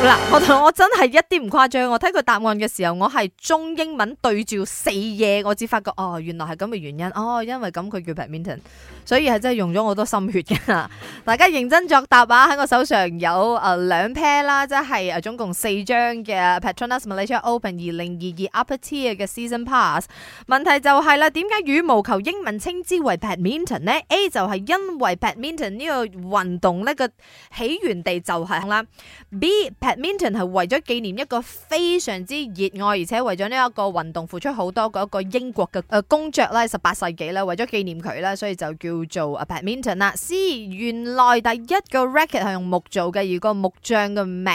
嗱，我我真係一啲唔誇張，我睇佢答案嘅時候，我係中英文對照四嘢，我只發覺哦，原來係咁嘅原因，哦，因為咁佢叫 badminton，所以係真係用咗好多心血嘅。大家認真作答啊，喺我手上有誒兩 pair 啦，即係誒總共四張嘅 Petronas Malaysia Open 二零二二 Upper Tier 嘅 Season Pass。問題就係、是、啦，點解羽毛球英文稱之為 badminton 呢？A 就係因為 badminton 呢個運動呢個起源地就係、是、啦，B。Badminton 係為咗紀念一個非常之熱愛而且為咗呢一個運動付出好多嗰個英國嘅誒公爵啦，十八世紀啦，為咗紀念佢啦，所以就叫做啊 Badminton 啦。C，原來第一個 racket 係用木做嘅，而個木匠嘅名。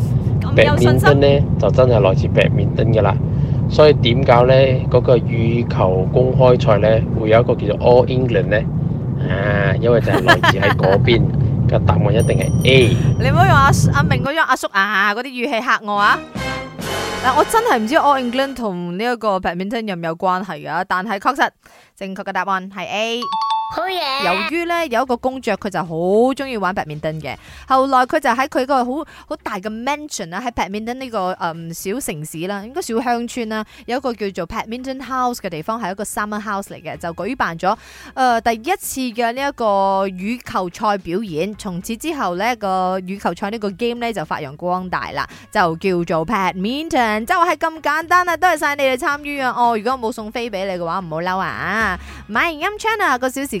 Badminton 咧就真係來自 Badminton 噶啦，所以點搞咧？嗰個羽球公開賽咧會有一個叫做 All England 咧，啊，因為就係來自喺嗰邊，個答案一定係 A。你唔好用阿阿明嗰張阿叔啊嗰啲語氣嚇我啊！嗱，我真係唔知 All England 同呢一個 Badminton 有冇關係啊，但係確實正確嘅答案係 A。由於咧有一個公爵，佢就好中意玩 badminton 嘅。後來佢就喺佢、這個好好大嘅 mansion 啊，喺 badminton 呢個誒小城市啦，應該小鄉村啦，有一個叫做 badminton house 嘅地方，係一個 summer house 嚟嘅，就舉辦咗誒、呃、第一次嘅呢一個羽球賽表演。從此之後呢、這個羽球賽呢個 game 呢就發揚光大啦，就叫做 badminton。就係咁簡單啦、啊，多謝晒你哋參與啊！哦，如果我冇送飛俾你嘅話，唔好嬲啊！買 m 音 c channel 個小時。